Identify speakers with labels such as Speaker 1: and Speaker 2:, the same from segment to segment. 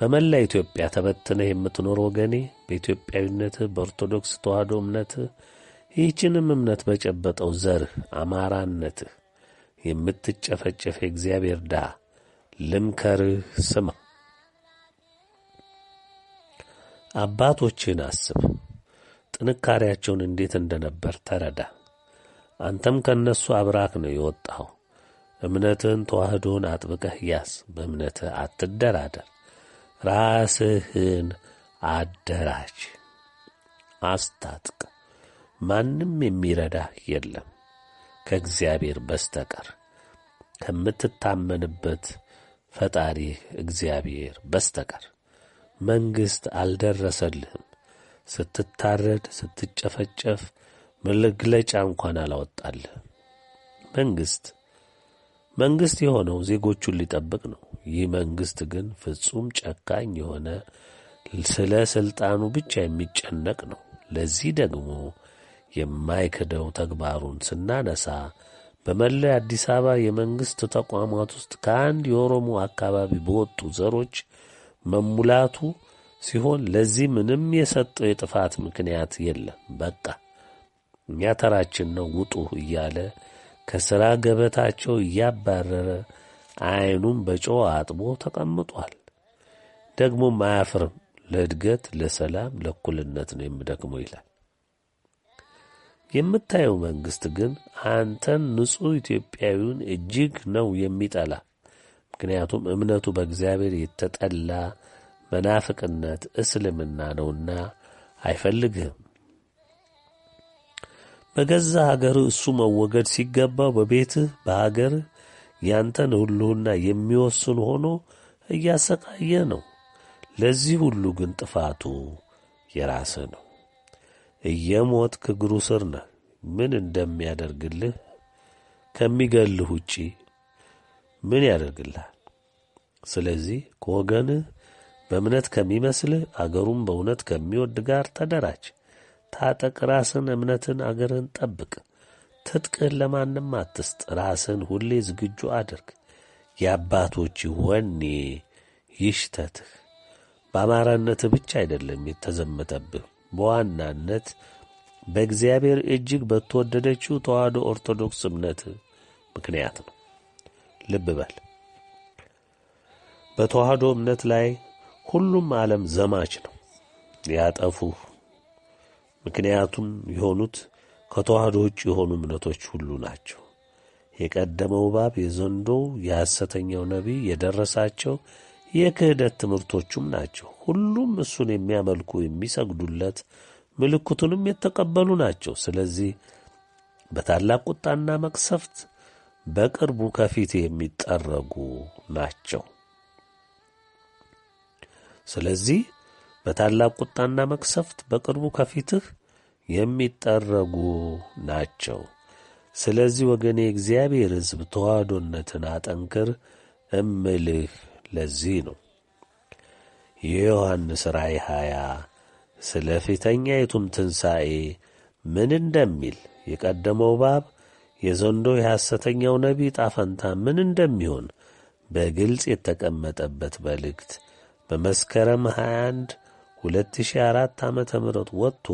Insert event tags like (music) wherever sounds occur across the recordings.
Speaker 1: በመላ ኢትዮጵያ ተበትነህ የምትኖር ወገኔ በኢትዮጵያዊነትህ በኦርቶዶክስ ተዋህዶ እምነትህ ይህችንም እምነት በጨበጠው ዘርህ አማራነትህ የምትጨፈጨፍ እግዚአብሔር ዳ ልምከርህ ስማ። አባቶችን አስብ፣ ጥንካሬያቸውን እንዴት እንደነበር ተረዳ። አንተም ከእነሱ አብራክ ነው የወጣኸው። እምነትህን ተዋህዶን አጥብቀህ ያስ፣ በእምነትህ አትደራደር። ራስህን አደራጅ፣ አስታጥቅ። ማንም የሚረዳህ የለም ከእግዚአብሔር በስተቀር ከምትታመንበት ፈጣሪ እግዚአብሔር በስተቀር መንግሥት አልደረሰልህም። ስትታረድ፣ ስትጨፈጨፍ መግለጫ እንኳን አላወጣልህም። መንግሥት መንግሥት የሆነው ዜጎቹን ሊጠብቅ ነው። ይህ መንግሥት ግን ፍጹም ጨካኝ የሆነ ስለ ሥልጣኑ ብቻ የሚጨነቅ ነው። ለዚህ ደግሞ የማይክደው ተግባሩን ስናነሳ በመላው አዲስ አበባ የመንግሥት ተቋማት ውስጥ ከአንድ የኦሮሞ አካባቢ በወጡ ዘሮች መሙላቱ ሲሆን ለዚህ ምንም የሰጠው የጥፋት ምክንያት የለም። በቃ እኛ ተራችን ነው ውጡ እያለ ከሥራ ገበታቸው እያባረረ ዓይኑም በጨው አጥቦ ተቀምጧል። ደግሞም አያፍርም። ለእድገት፣ ለሰላም፣ ለእኩልነት ነው የምደክመው ይላል። የምታየው መንግሥት ግን አንተን ንጹሕ ኢትዮጵያዊውን እጅግ ነው የሚጠላ። ምክንያቱም እምነቱ በእግዚአብሔር የተጠላ መናፍቅነት እስልምና ነውና አይፈልግህም። በገዛ አገር እሱ መወገድ ሲገባው በቤትህ በሀገርህ ያንተን ሁሉና የሚወስን ሆኖ እያሰቃየ ነው። ለዚህ ሁሉ ግን ጥፋቱ የራስ ነው። እየሞት ከእግሩ ስር ነህ። ምን እንደሚያደርግልህ ከሚገልህ ውጪ ምን ያደርግልሃል? ስለዚህ ከወገንህ በእምነት ከሚመስልህ አገሩን በእውነት ከሚወድ ጋር ተደራጅ፣ ታጠቅ፣ ራስን፣ እምነትን፣ አገርህን ጠብቅ። ትጥቅህን ለማንም አትስጥ። ራስን ሁሌ ዝግጁ አድርግ። የአባቶች ወኔ ይሽተትህ። በአማራነትህ ብቻ አይደለም የተዘመተብህ፣ በዋናነት በእግዚአብሔር እጅግ በተወደደችው ተዋህዶ ኦርቶዶክስ እምነት ምክንያት ነው። ልብ በል። በተዋህዶ እምነት ላይ ሁሉም ዓለም ዘማች ነው። ያጠፉ ምክንያቱም የሆኑት ከተዋህዶ ውጭ የሆኑ እምነቶች ሁሉ ናቸው። የቀደመው እባብ የዘንዶው የሐሰተኛው ነቢይ የደረሳቸው የክህደት ትምህርቶቹም ናቸው። ሁሉም እሱን የሚያመልኩ የሚሰግዱለት፣ ምልክቱንም የተቀበሉ ናቸው። ስለዚህ በታላቅ ቁጣና መቅሰፍት በቅርቡ ከፊት የሚጠረጉ ናቸው። ስለዚህ በታላቅ ቁጣና መቅሰፍት በቅርቡ ከፊትህ የሚጠረጉ ናቸው። ስለዚህ ወገኔ የእግዚአብሔር ሕዝብ ተዋህዶነትን አጠንክር እምልህ ለዚህ ነው። የዮሐንስ ራእይ ሀያ ስለ ፊተኛይቱም ትንሣኤ ምን እንደሚል የቀደመው ባብ የዘንዶ የሐሰተኛው ነቢይ ጣፈንታ ምን እንደሚሆን በግልጽ የተቀመጠበት መልእክት በመስከረም 21 2004 ዓ ም ወጥቶ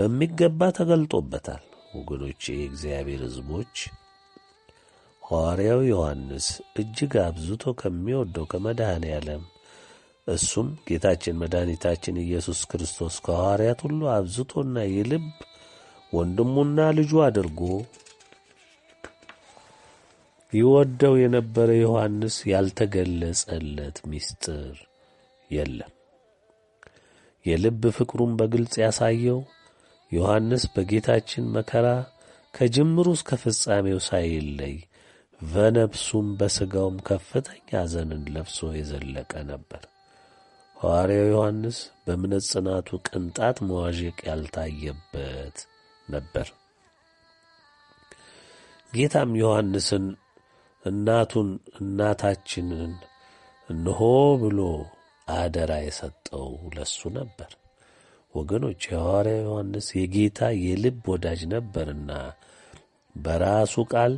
Speaker 1: በሚገባ ተገልጦበታል። ወገኖቼ፣ የእግዚአብሔር ሕዝቦች ሐዋርያው ዮሐንስ እጅግ አብዝቶ ከሚወደው ከመድኃኔ ዓለም እሱም ጌታችን መድኃኒታችን ኢየሱስ ክርስቶስ ከሐዋርያት ሁሉ አብዝቶና የልብ ወንድሙና ልጁ አድርጎ ይወደው የነበረ ዮሐንስ ያልተገለጸለት ምስጢር የለም። የልብ ፍቅሩን በግልጽ ያሳየው ዮሐንስ በጌታችን መከራ ከጅምሩ እስከ ፍጻሜው ሳይለይ በነፍሱም በሥጋውም ከፍተኛ ሐዘንን ለብሶ የዘለቀ ነበር። ሐዋርያው ዮሐንስ በእምነት ቅንጣት መዋዠቅ ያልታየበት ነበር። ጌታም ዮሐንስን እናቱን እናታችንን እንሆ ብሎ አደራ የሰጠው ለሱ ነበር። ወገኖች የሐዋርያ ዮሐንስ የጌታ የልብ ወዳጅ ነበርና በራሱ ቃል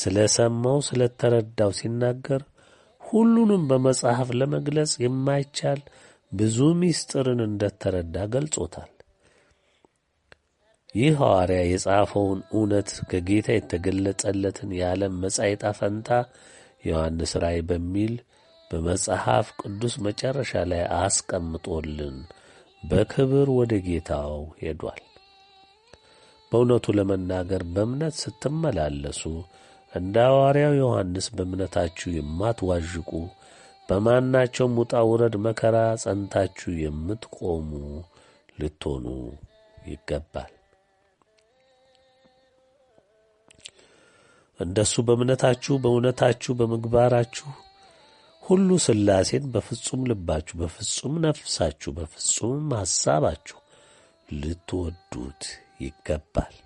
Speaker 1: ስለ ሰማው ስለ ተረዳው ሲናገር ሁሉንም በመጽሐፍ ለመግለጽ የማይቻል ብዙ ምስጢርን እንደተረዳ ገልጾታል። ይህ ሐዋርያ የጻፈውን እውነት ከጌታ የተገለጸለትን የዓለም መጻኢ ዕጣ ፈንታ ዮሐንስ ራእይ በሚል በመጽሐፍ ቅዱስ መጨረሻ ላይ አስቀምጦልን በክብር ወደ ጌታው ሄዷል። በእውነቱ ለመናገር በእምነት ስትመላለሱ እንደ ሐዋርያው ዮሐንስ በእምነታችሁ የማትዋዥቁ በማናቸውም ውጣ ውረድ መከራ ጸንታችሁ የምትቆሙ ልትሆኑ ይገባል። እንደሱ በእምነታችሁ፣ በእውነታችሁ፣ በምግባራችሁ ሁሉ ሥላሴን በፍጹም ልባችሁ፣ በፍጹም ነፍሳችሁ፣ በፍጹም ሐሳባችሁ ልትወዱት ይገባል።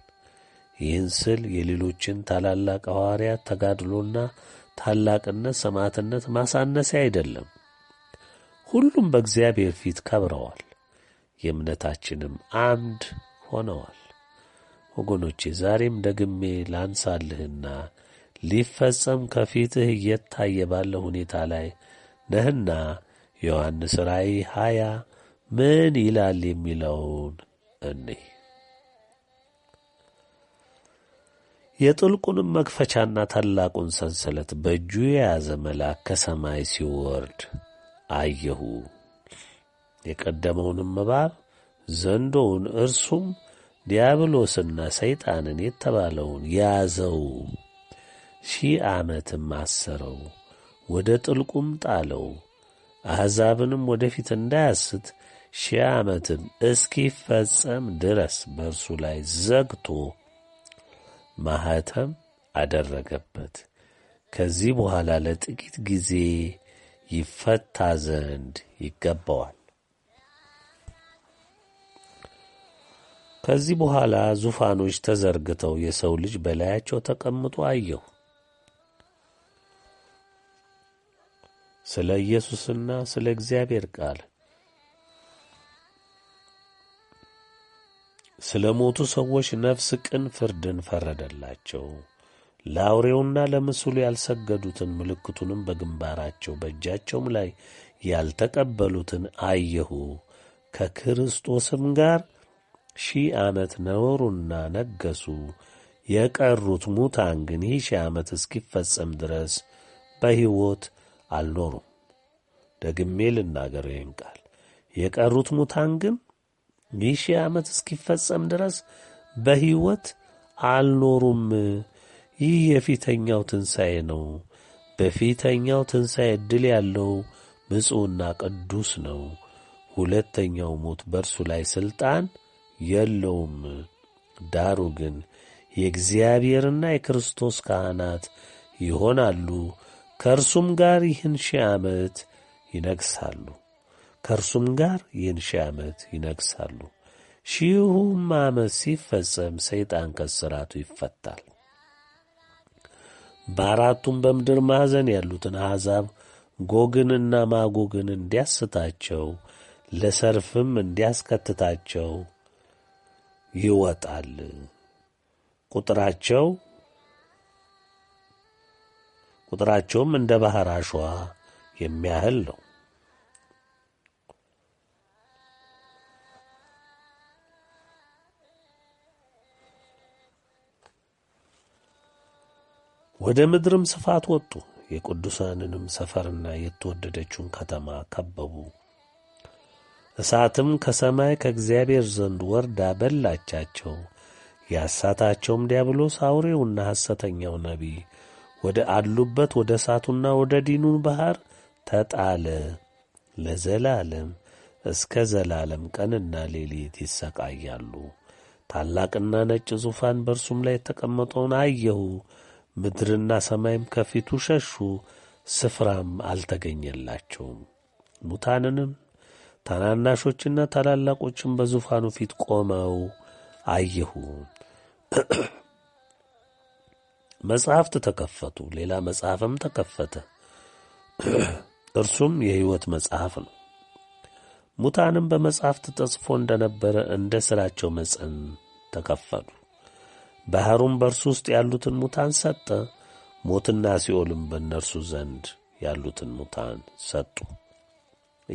Speaker 1: ይህን ስል የሌሎችን ታላላቅ ሐዋርያት ተጋድሎና ታላቅነት፣ ሰማዕትነት ማሳነሴ አይደለም። ሁሉም በእግዚአብሔር ፊት ከብረዋል፣ የእምነታችንም አምድ ሆነዋል። ወገኖቼ ዛሬም ደግሜ ላንሳልህና ሊፈጸም ከፊትህ እየታየ ባለ ሁኔታ ላይ ነህና ዮሐንስ ራእይ ሀያ ምን ይላል የሚለውን እኒህ የጥልቁንም መክፈቻና ታላቁን ሰንሰለት በእጁ የያዘ መልአክ ከሰማይ ሲወርድ አየሁ። የቀደመውንም እባብ ዘንዶውን፣ እርሱም ዲያብሎስና ሰይጣንን የተባለውን ያዘው። ሺህ ዓመትም አሰረው፣ ወደ ጥልቁም ጣለው። አሕዛብንም ወደፊት እንዳያስት ሺህ ዓመትም እስኪፈጸም ድረስ በእርሱ ላይ ዘግቶ ማኅተም አደረገበት። ከዚህ በኋላ ለጥቂት ጊዜ ይፈታ ዘንድ ይገባዋል። ከዚህ በኋላ ዙፋኖች ተዘርግተው የሰው ልጅ በላያቸው ተቀምጦ አየሁ። ስለ ኢየሱስና ስለ እግዚአብሔር ቃል ስለ ሞቱ ሰዎች ነፍስ ቅን ፍርድን ፈረደላቸው። ለአውሬውና ለምስሉ ያልሰገዱትን ምልክቱንም በግንባራቸው በእጃቸውም ላይ ያልተቀበሉትን አየሁ። ከክርስቶስም ጋር ሺህ ዓመት ኖሩና ነገሱ የቀሩት ሙታን ግን ይህ ሺህ ዓመት እስኪፈጸም ድረስ በሕይወት አልኖሩም። ደግሜ ልናገር ይህን ቃል የቀሩት ሙታን ግን ይህ ሺህ ዓመት እስኪፈጸም ድረስ በሕይወት አልኖሩም። ይህ የፊተኛው ትንሣኤ ነው። በፊተኛው ትንሣኤ ዕድል ያለው ብፁዕና ቅዱስ ነው። ሁለተኛው ሞት በእርሱ ላይ ሥልጣን የለውም። ዳሩ ግን የእግዚአብሔርና የክርስቶስ ካህናት ይሆናሉ። ከእርሱም ጋር ይህን ሺህ ዓመት ይነግሣሉ ከእርሱም ጋር ይህን ሺህ ዓመት ይነግሣሉ። ሺሁም ዓመት ሲፈጸም ሰይጣን ከስራቱ ይፈታል። በአራቱም በምድር ማዕዘን ያሉትን አሕዛብ ጎግንና ማጎግን እንዲያስታቸው ለሰርፍም እንዲያስከትታቸው ይወጣል። ቁጥራቸው ቁጥራቸውም እንደ ባሕር አሸዋ የሚያህል ነው። ወደ ምድርም ስፋት ወጡ። የቅዱሳንንም ሰፈርና የተወደደችውን ከተማ ከበቡ። እሳትም ከሰማይ ከእግዚአብሔር ዘንድ ወርዳ በላቻቸው። ያሳታቸውም ዲያብሎስ አውሬውና ሐሰተኛው ነቢይ ወደ አሉበት ወደ እሳቱና ወደ ዲኑ ባህር ተጣለ ለዘላለም እስከ ዘላለም ቀንና ሌሊት ይሰቃያሉ። ታላቅና ነጭ ዙፋን በእርሱም ላይ የተቀመጠውን አየሁ። ምድርና ሰማይም ከፊቱ ሸሹ፣ ስፍራም አልተገኘላቸውም። ሙታንንም ታናናሾችና ታላላቆችም በዙፋኑ ፊት ቆመው አየሁ። (clears throat) መጽሐፍት ተከፈቱ። ሌላ መጽሐፍም ተከፈተ። (clears throat) እርሱም የሕይወት መጽሐፍ ነው። ሙታንም በመጽሐፍት ተጽፎ እንደ ነበረ እንደ ሥራቸው መጽን ተከፈሉ። ባሕሩም በእርሱ ውስጥ ያሉትን ሙታን ሰጠ። ሞትና ሲኦልም በእነርሱ ዘንድ ያሉትን ሙታን ሰጡ።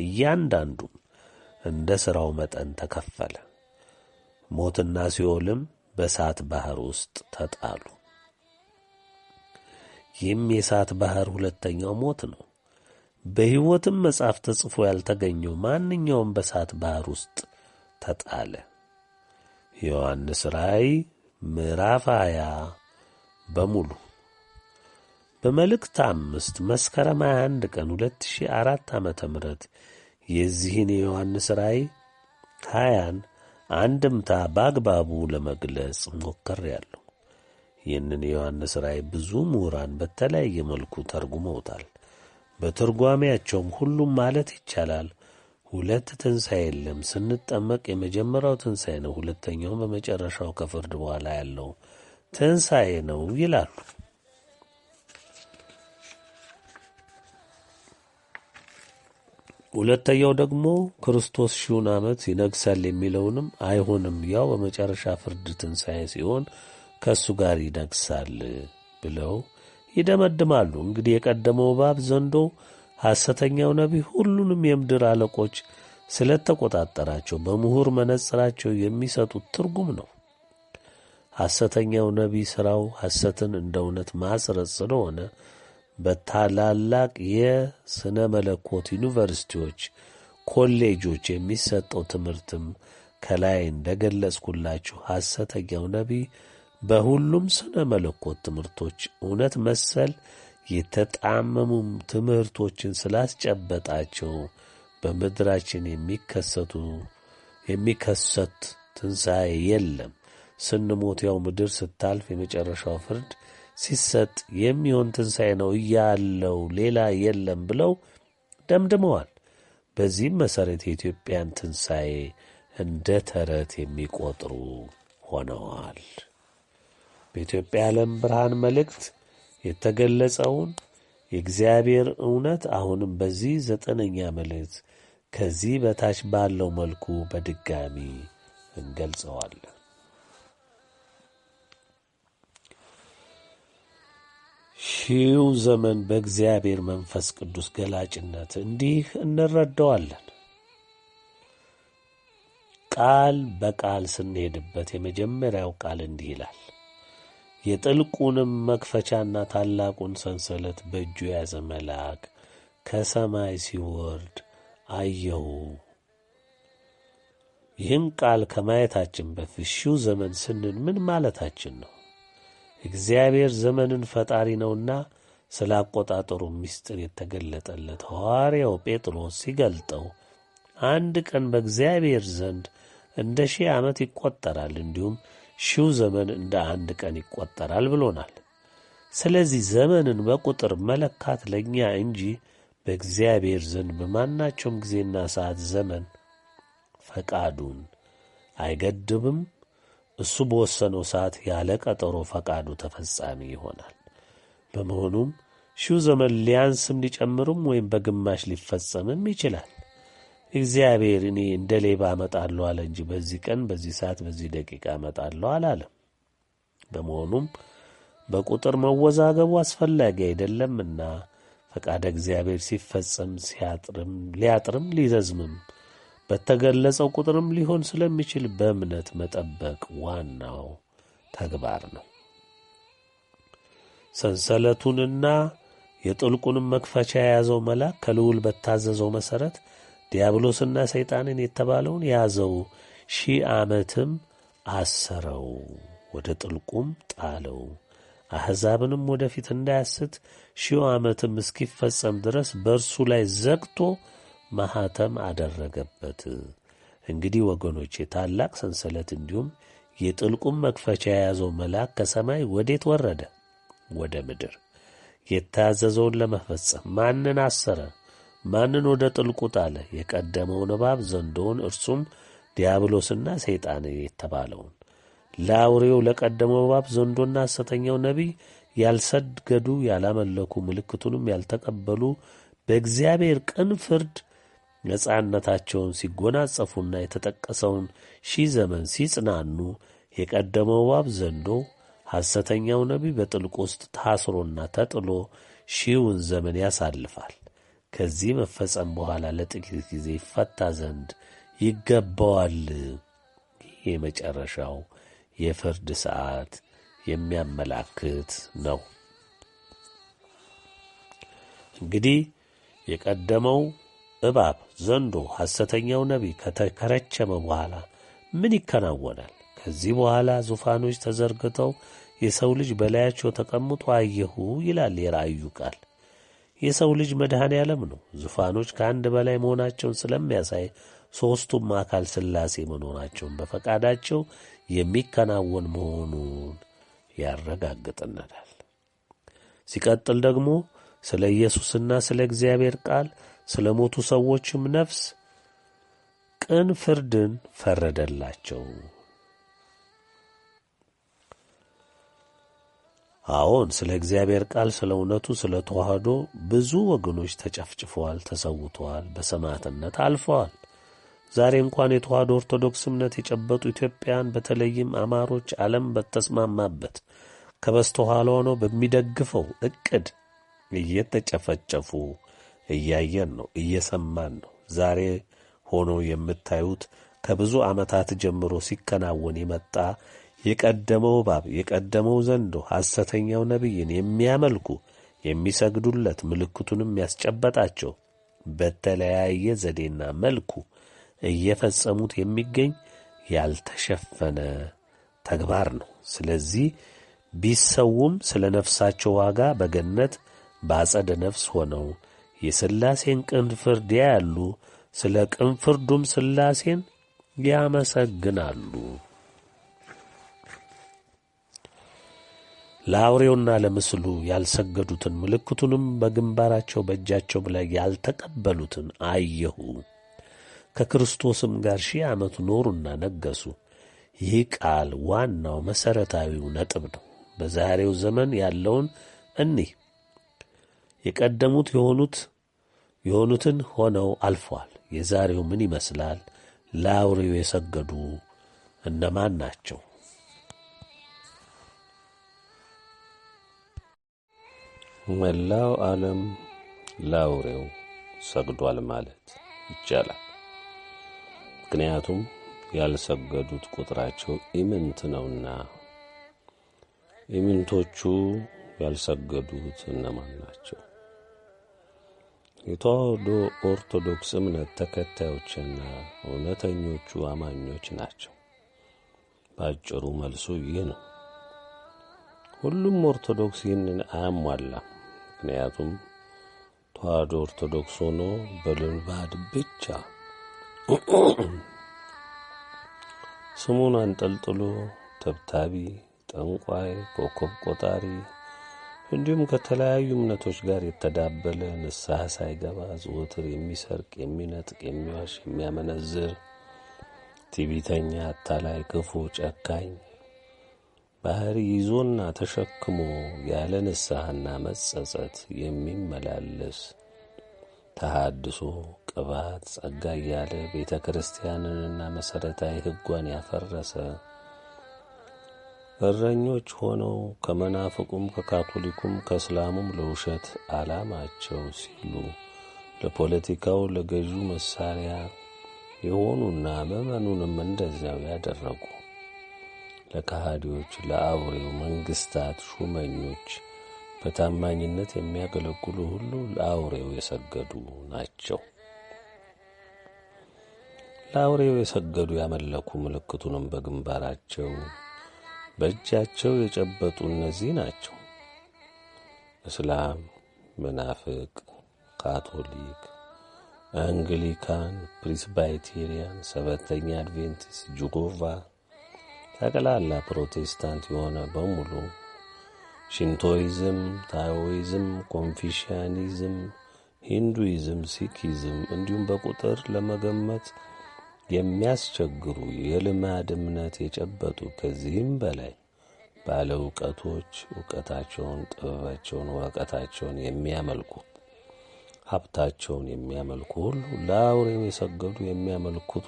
Speaker 1: እያንዳንዱም እንደ ሥራው መጠን ተከፈለ። ሞትና ሲኦልም በእሳት ባሕር ውስጥ ተጣሉ። ይህም የእሳት ባሕር ሁለተኛው ሞት ነው። በሕይወትም መጽሐፍ ተጽፎ ያልተገኘው ማንኛውም በእሳት ባሕር ውስጥ ተጣለ። ዮሐንስ ራእይ ምዕራፍ ሃያ በሙሉ በመልእክት አምስት መስከረም 21 ቀን 2004 ዓ ም የዚህን የዮሐንስ ራእይ ሃያን አንድምታ በአግባቡ ለመግለጽ ሞከር ያለሁ። ይህንን የዮሐንስ ራእይ ብዙ ምሁራን በተለያየ መልኩ ተርጉመውታል። በትርጓሜያቸውም ሁሉም ማለት ይቻላል ሁለት ትንሣኤ የለም። ስንጠመቅ የመጀመሪያው ትንሣኤ ነው፣ ሁለተኛውም በመጨረሻው ከፍርድ በኋላ ያለው ትንሣኤ ነው ይላሉ። ሁለተኛው ደግሞ ክርስቶስ ሺውን ዓመት ይነግሳል የሚለውንም አይሆንም፣ ያው በመጨረሻ ፍርድ ትንሣኤ ሲሆን ከእሱ ጋር ይነግሳል ብለው ይደመድማሉ። እንግዲህ የቀደመው እባብ ዘንዶ ሐሰተኛው ነቢይ ሁሉንም የምድር አለቆች ስለተቆጣጠራቸው በምሁር መነጽራቸው የሚሰጡት ትርጉም ነው። ሐሰተኛው ነቢይ ሥራው ሐሰትን እንደ እውነት ማስረጽ ስለሆነ በታላላቅ የሥነ መለኮት ዩኒቨርሲቲዎች፣ ኮሌጆች የሚሰጠው ትምህርትም ከላይ እንደ ገለጽኩላችሁ ሐሰተኛው ነቢይ በሁሉም ስነ መለኮት ትምህርቶች እውነት መሰል የተጣመሙ ትምህርቶችን ስላስጨበጣቸው በምድራችን የሚከሰቱ የሚከሰት ትንሣኤ የለም። ስንሞት ያው ምድር ስታልፍ የመጨረሻው ፍርድ ሲሰጥ የሚሆን ትንሣኤ ነው እያለው ሌላ የለም ብለው ደምድመዋል። በዚህም መሠረት የኢትዮጵያን ትንሣኤ እንደ ተረት የሚቆጥሩ ሆነዋል። በኢትዮጵያ ዓለም ብርሃን መልእክት የተገለጸውን የእግዚአብሔር እውነት አሁንም በዚህ ዘጠነኛ መልእክት ከዚህ በታች ባለው መልኩ በድጋሚ እንገልጸዋለን። ሺው ዘመን በእግዚአብሔር መንፈስ ቅዱስ ገላጭነት እንዲህ እንረዳዋለን። ቃል በቃል ስንሄድበት የመጀመሪያው ቃል እንዲህ ይላል የጥልቁንም መክፈቻና ታላቁን ሰንሰለት በእጁ የያዘ መልአክ ከሰማይ ሲወርድ አየሁ። ይህን ቃል ከማየታችን በፊት ሺው ዘመን ስንል ምን ማለታችን ነው? እግዚአብሔር ዘመንን ፈጣሪ ነውና ስለ አቆጣጠሩ ምስጢር የተገለጠለት ሐዋርያው ጴጥሮስ ሲገልጠው አንድ ቀን በእግዚአብሔር ዘንድ እንደ ሺህ ዓመት ይቆጠራል እንዲሁም ሺው ዘመን እንደ አንድ ቀን ይቆጠራል ብሎናል። ስለዚህ ዘመንን በቁጥር መለካት ለእኛ እንጂ በእግዚአብሔር ዘንድ በማናቸውም ጊዜና ሰዓት ዘመን ፈቃዱን አይገድብም። እሱ በወሰነው ሰዓት ያለ ቀጠሮ ፈቃዱ ተፈጻሚ ይሆናል። በመሆኑም ሺው ዘመን ሊያንስም ሊጨምርም ወይም በግማሽ ሊፈጸምም ይችላል። እግዚአብሔር እኔ እንደ ሌባ እመጣለሁ አለ እንጂ በዚህ ቀን፣ በዚህ ሰዓት፣ በዚህ ደቂቃ እመጣለሁ አላለም። በመሆኑም በቁጥር መወዛገቡ አስፈላጊ አይደለምና ፈቃደ እግዚአብሔር ሲፈጸም ሲያጥርም ሊያጥርም ሊረዝምም በተገለጸው ቁጥርም ሊሆን ስለሚችል በእምነት መጠበቅ ዋናው ተግባር ነው። ሰንሰለቱንና የጥልቁንም መክፈቻ የያዘው መልአክ ከልዑል በታዘዘው መሠረት ዲያብሎስና ሰይጣንን የተባለውን ያዘው፣ ሺህ ዓመትም አሰረው፣ ወደ ጥልቁም ጣለው። አሕዛብንም ወደፊት እንዳያስት ሺው ዓመትም እስኪፈጸም ድረስ በእርሱ ላይ ዘግቶ ማኅተም አደረገበት። እንግዲህ ወገኖቼ ታላቅ ሰንሰለት እንዲሁም የጥልቁም መክፈቻ የያዘው መልአክ ከሰማይ ወዴት ወረደ? ወደ ምድር። የታዘዘውን ለመፈጸም ማንን አሰረ? ማንን ወደ ጥልቁ ጣለ? የቀደመውን እባብ ዘንዶውን፣ እርሱም ዲያብሎስና ሰይጣን የተባለውን ለአውሬው ለቀደመው እባብ ዘንዶና ሐሰተኛው ነቢይ ያልሰገዱ ያላመለኩ ምልክቱንም ያልተቀበሉ በእግዚአብሔር ቅን ፍርድ ነጻነታቸውን ሲጎናጸፉና የተጠቀሰውን ሺህ ዘመን ሲጽናኑ የቀደመው እባብ ዘንዶ ሐሰተኛው ነቢይ በጥልቁ ውስጥ ታስሮና ተጥሎ ሺውን ዘመን ያሳልፋል። ከዚህ መፈጸም በኋላ ለጥቂት ጊዜ ይፈታ ዘንድ ይገባዋል። ይህ የመጨረሻው የፍርድ ሰዓት የሚያመላክት ነው። እንግዲህ የቀደመው እባብ፣ ዘንዶ፣ ሐሰተኛው ነቢይ ከተከረቸመ በኋላ ምን ይከናወናል? ከዚህ በኋላ ዙፋኖች ተዘርግተው የሰው ልጅ በላያቸው ተቀምጦ አየሁ ይላል የራእዩ ቃል። የሰው ልጅ መድኃኔ ዓለም ነው። ዙፋኖች ከአንድ በላይ መሆናቸውን ስለሚያሳይ ሦስቱም አካል ሥላሴ መኖራቸውን በፈቃዳቸው የሚከናወን መሆኑን ያረጋግጥነታል። ሲቀጥል ደግሞ ስለ ኢየሱስና ስለ እግዚአብሔር ቃል ስለ ሞቱ ሰዎችም ነፍስ ቅን ፍርድን ፈረደላቸው አዎን፣ ስለ እግዚአብሔር ቃል፣ ስለ እውነቱ፣ ስለ ተዋህዶ ብዙ ወገኖች ተጨፍጭፈዋል፣ ተሰውተዋል፣ በሰማዕትነት አልፈዋል። ዛሬ እንኳን የተዋህዶ ኦርቶዶክስ እምነት የጨበጡ ኢትዮጵያን በተለይም አማሮች ዓለም በተስማማበት ከበስተኋላ ሆነው በሚደግፈው እቅድ እየተጨፈጨፉ እያየን ነው፣ እየሰማን ነው። ዛሬ ሆኖ የምታዩት ከብዙ ዓመታት ጀምሮ ሲከናወን የመጣ የቀደመው እባብ፣ የቀደመው ዘንዶ ሐሰተኛው ነቢይን የሚያመልኩ የሚሰግዱለት ምልክቱንም ያስጨበጣቸው በተለያየ ዘዴና መልኩ እየፈጸሙት የሚገኝ ያልተሸፈነ ተግባር ነው። ስለዚህ ቢሰውም ስለ ነፍሳቸው ዋጋ በገነት በአጸደ ነፍስ ሆነው የሥላሴን ቅን ፍርድ ያያሉ፣ ስለ ቅን ፍርዱም ሥላሴን ያመሰግናሉ። ለአውሬውና ለምስሉ ያልሰገዱትን ምልክቱንም በግንባራቸው በእጃቸው ላይ ያልተቀበሉትን አየሁ። ከክርስቶስም ጋር ሺህ ዓመት ኖሩና ነገሱ። ይህ ቃል ዋናው መሠረታዊው ነጥብ ነው። በዛሬው ዘመን ያለውን እኒህ የቀደሙት የሆኑት የሆኑትን ሆነው አልፏል። የዛሬው ምን ይመስላል? ለአውሬው የሰገዱ እነማን ናቸው? መላው ዓለም ላውሬው ሰግዷል ማለት ይቻላል። ምክንያቱም ያልሰገዱት ቁጥራቸው ኢምንት ነውና። ኢምንቶቹ ያልሰገዱት እነማን ናቸው? የተዋህዶ ኦርቶዶክስ እምነት ተከታዮችና እውነተኞቹ አማኞች ናቸው። በአጭሩ መልሱ ይህ ነው። ሁሉም ኦርቶዶክስ ይህንን አያሟላም። ምክንያቱም ተዋህዶ ኦርቶዶክስ ሆኖ በልባድ ብቻ ስሙን አንጠልጥሎ ተብታቢ፣ ጠንቋይ፣ ኮከብ ቆጣሪ እንዲሁም ከተለያዩ እምነቶች ጋር የተዳበለ ንስሐ ሳይገባ ዘወትር የሚሰርቅ፣ የሚነጥቅ፣ የሚዋሽ፣ የሚያመነዝር፣ ትዕቢተኛ፣ አታላይ፣ ክፉ፣ ጨካኝ ባህር ይዞና ተሸክሞ ያለ ንስሐና መጸጸት የሚመላለስ ተሃድሶ ቅባት ጸጋ እያለ ቤተ ክርስቲያንንና መሠረታዊ ሕጓን ያፈረሰ እረኞች ሆነው ከመናፍቁም ከካቶሊኩም ከእስላሙም ለውሸት ዓላማቸው ሲሉ ለፖለቲካው ለገዢው መሳሪያ የሆኑና ምዕመኑንም እንደዚያው ያደረጉ ለካሃዲዎች፣ ለአውሬው መንግስታት ሹመኞች በታማኝነት የሚያገለግሉ ሁሉ ለአውሬው የሰገዱ ናቸው። ለአውሬው የሰገዱ ያመለኩ ምልክቱንም በግንባራቸው በእጃቸው የጨበጡ እነዚህ ናቸው። እስላም፣ መናፍቅ፣ ካቶሊክ፣ አንግሊካን፣ ፕሪስባይቴሪያን፣ ሰበተኛ አድቬንቲስት፣ ጅጎቫ ጠቅላላ ፕሮቴስታንት የሆነ በሙሉ ሽንቶይዝም፣ ታዎይዝም፣ ኮንፊሽያኒዝም፣ ሂንዱይዝም፣ ሲኪዝም እንዲሁም በቁጥር ለመገመት የሚያስቸግሩ የልማድ እምነት የጨበጡ ከዚህም በላይ ባለ እውቀቶች እውቀታቸውን፣ ጥበባቸውን፣ ወቀታቸውን የሚያመልኩ ሀብታቸውን የሚያመልኩ ሁሉ ለአውሬው የሰገዱ የሚያመልኩቱ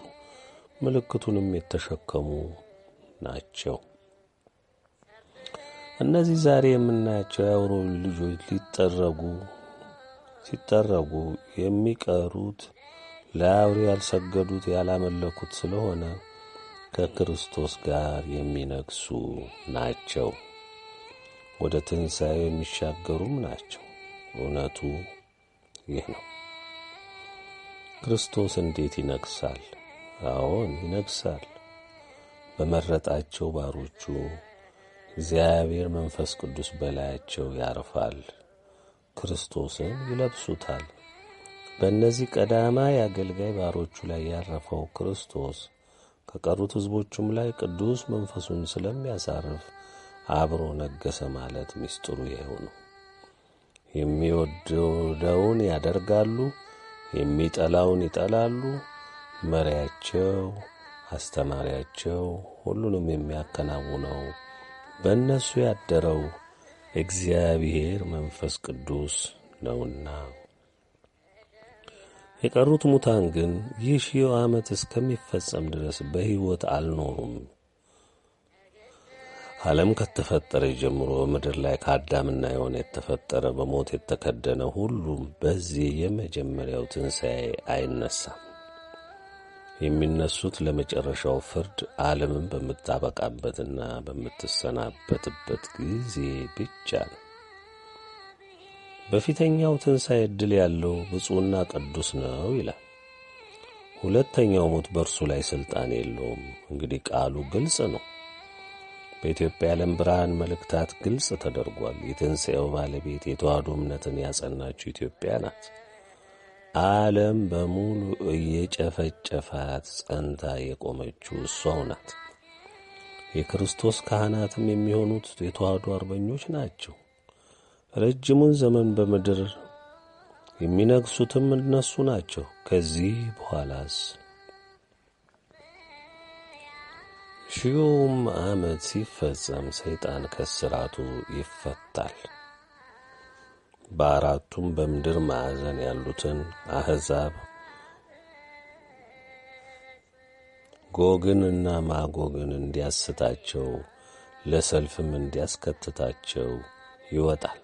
Speaker 1: ምልክቱንም የተሸከሙ ናቸው። እነዚህ ዛሬ የምናያቸው የአውሮ ልጆች ሊጠረጉ ሲጠረጉ የሚቀሩት ለአውሬ ያልሰገዱት ያላመለኩት ስለሆነ ከክርስቶስ ጋር የሚነግሱ ናቸው። ወደ ትንሣኤ የሚሻገሩም ናቸው። እውነቱ ይህ ነው። ክርስቶስ እንዴት ይነግሳል? አዎን ይነግሳል። በመረጣቸው ባሮቹ እግዚአብሔር መንፈስ ቅዱስ በላያቸው ያርፋል፣ ክርስቶስን ይለብሱታል። በእነዚህ ቀዳማይ አገልጋይ ባሮቹ ላይ ያረፈው ክርስቶስ ከቀሩት ሕዝቦቹም ላይ ቅዱስ መንፈሱን ስለሚያሳርፍ አብሮ ነገሰ ማለት ምስጢሩ ይኸው ነው። የሚወደውን ያደርጋሉ፣ የሚጠላውን ይጠላሉ። መሪያቸው አስተማሪያቸው ሁሉንም የሚያከናውነው በእነሱ ያደረው እግዚአብሔር መንፈስ ቅዱስ ነውና። የቀሩት ሙታን ግን ይህ ሺው ዓመት እስከሚፈጸም ድረስ በሕይወት አልኖሩም። ዓለም ከተፈጠረ ጀምሮ ምድር ላይ ከአዳምና የሆነ የተፈጠረ በሞት የተከደነ ሁሉም በዚህ የመጀመሪያው ትንሣኤ አይነሳም። የሚነሱት ለመጨረሻው ፍርድ ዓለምን በምታበቃበትና በምትሰናበትበት ጊዜ ብቻ ነው። በፊተኛው ትንሣኤ ዕድል ያለው ብፁዕና ቅዱስ ነው ይላል። ሁለተኛው ሞት በእርሱ ላይ ሥልጣን የለውም። እንግዲህ ቃሉ ግልጽ ነው። በኢትዮጵያ የዓለም ብርሃን መልእክታት ግልጽ ተደርጓል። የትንሣኤው ባለቤት የተዋህዶ እምነትን ያጸናችው ኢትዮጵያ ናት። ዓለም በሙሉ እየጨፈጨፋት ጸንታ የቆመችው እሷው ናት። የክርስቶስ ካህናትም የሚሆኑት የተዋህዶ አርበኞች ናቸው። ረጅሙን ዘመን በምድር የሚነግሱትም እነሱ ናቸው። ከዚህ በኋላስ ሺውም ዓመት ሲፈጸም ሰይጣን ከስራቱ ይፈታል። በአራቱም በምድር ማዕዘን ያሉትን አሕዛብ ጎግን እና ማጎግን እንዲያስታቸው ለሰልፍም እንዲያስከትታቸው ይወጣል።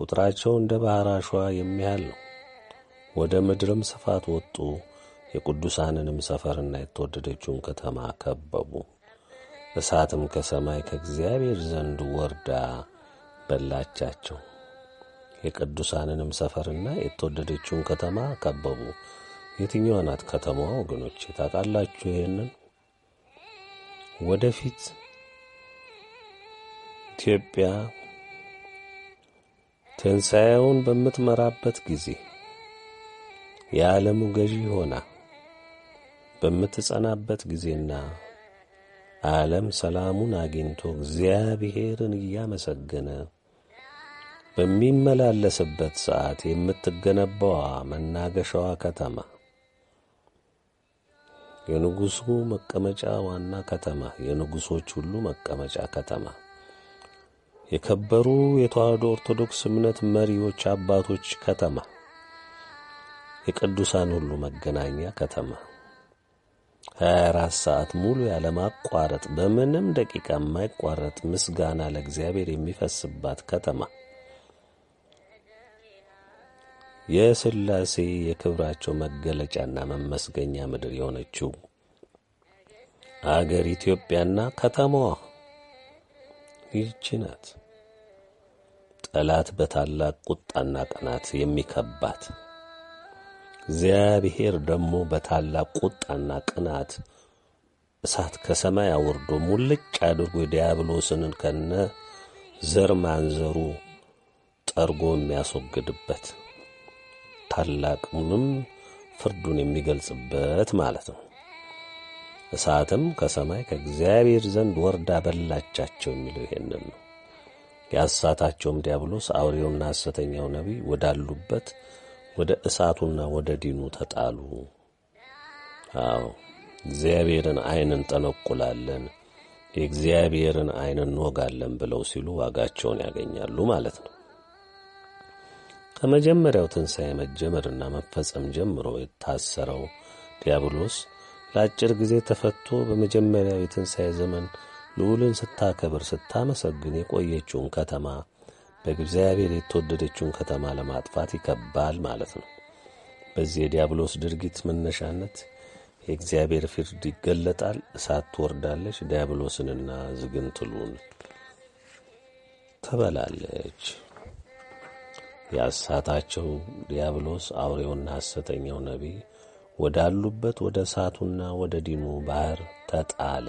Speaker 1: ቁጥራቸው እንደ ባሕር አሸዋ የሚያህል ነው። ወደ ምድርም ስፋት ወጡ። የቅዱሳንንም ሰፈርና የተወደደችውን ከተማ ከበቡ። እሳትም ከሰማይ ከእግዚአብሔር ዘንድ ወርዳ በላቻቸው። የቅዱሳንንም ሰፈርና የተወደደችውን ከተማ ከበቡ። የትኛዋ ናት ከተማዋ? ወገኖች ታውቃላችሁ? ይህንን ወደፊት ኢትዮጵያ ትንሣኤውን በምትመራበት ጊዜ የዓለሙ ገዢ ሆና በምትጸናበት ጊዜና ዓለም ሰላሙን አግኝቶ እግዚአብሔርን እያመሰገነ በሚመላለስበት ሰዓት የምትገነባዋ መናገሻዋ ከተማ የንጉሱ መቀመጫ ዋና ከተማ፣ የንጉሶች ሁሉ መቀመጫ ከተማ፣ የከበሩ የተዋህዶ ኦርቶዶክስ እምነት መሪዎች አባቶች ከተማ፣ የቅዱሳን ሁሉ መገናኛ ከተማ 24 ሰዓት ሙሉ ያለማቋረጥ በምንም ደቂቃ የማይቋረጥ ምስጋና ለእግዚአብሔር የሚፈስባት ከተማ የስላሴ የክብራቸው መገለጫና መመስገኛ ምድር የሆነችው አገር ኢትዮጵያና ከተማዋ ይህቺ ናት። ጠላት በታላቅ ቁጣና ቅናት የሚከባት እግዚአብሔር ደግሞ በታላቅ ቁጣና ቅናት እሳት ከሰማይ አውርዶ ሙልጭ አድርጎ ዲያብሎስን ከነ ዘር ማንዘሩ ጠርጎ የሚያስወግድበት ታላቅሙንም ፍርዱን የሚገልጽበት ማለት ነው። እሳትም ከሰማይ ከእግዚአብሔር ዘንድ ወርዳ በላቻቸው የሚለው ይሄንን ነው። ያሳታቸውም ዲያብሎስ አውሬውና ሐሰተኛው ነቢይ ወዳሉበት ወደ እሳቱና ወደ ዲኑ ተጣሉ። አዎ እግዚአብሔርን ዓይን እንጠነቁላለን፣ የእግዚአብሔርን ዓይን እንወጋለን ብለው ሲሉ ዋጋቸውን ያገኛሉ ማለት ነው። ከመጀመሪያው ትንሣኤ መጀመርና መፈጸም ጀምሮ የታሰረው ዲያብሎስ ለአጭር ጊዜ ተፈቶ በመጀመሪያው የትንሣኤ ዘመን ልዑልን ስታከብር ስታመሰግን የቆየችውን ከተማ በእግዚአብሔር የተወደደችውን ከተማ ለማጥፋት ይከባል ማለት ነው። በዚህ የዲያብሎስ ድርጊት መነሻነት የእግዚአብሔር ፍርድ ይገለጣል። እሳት ትወርዳለች፣ ዲያብሎስንና ዝግንትሉን ትበላለች። ያሳታቸው ዲያብሎስ አውሬውና ሐሰተኛው ነቢይ ወዳሉበት ወደ እሳቱና ወደ ዲኑ ባሕር ተጣለ።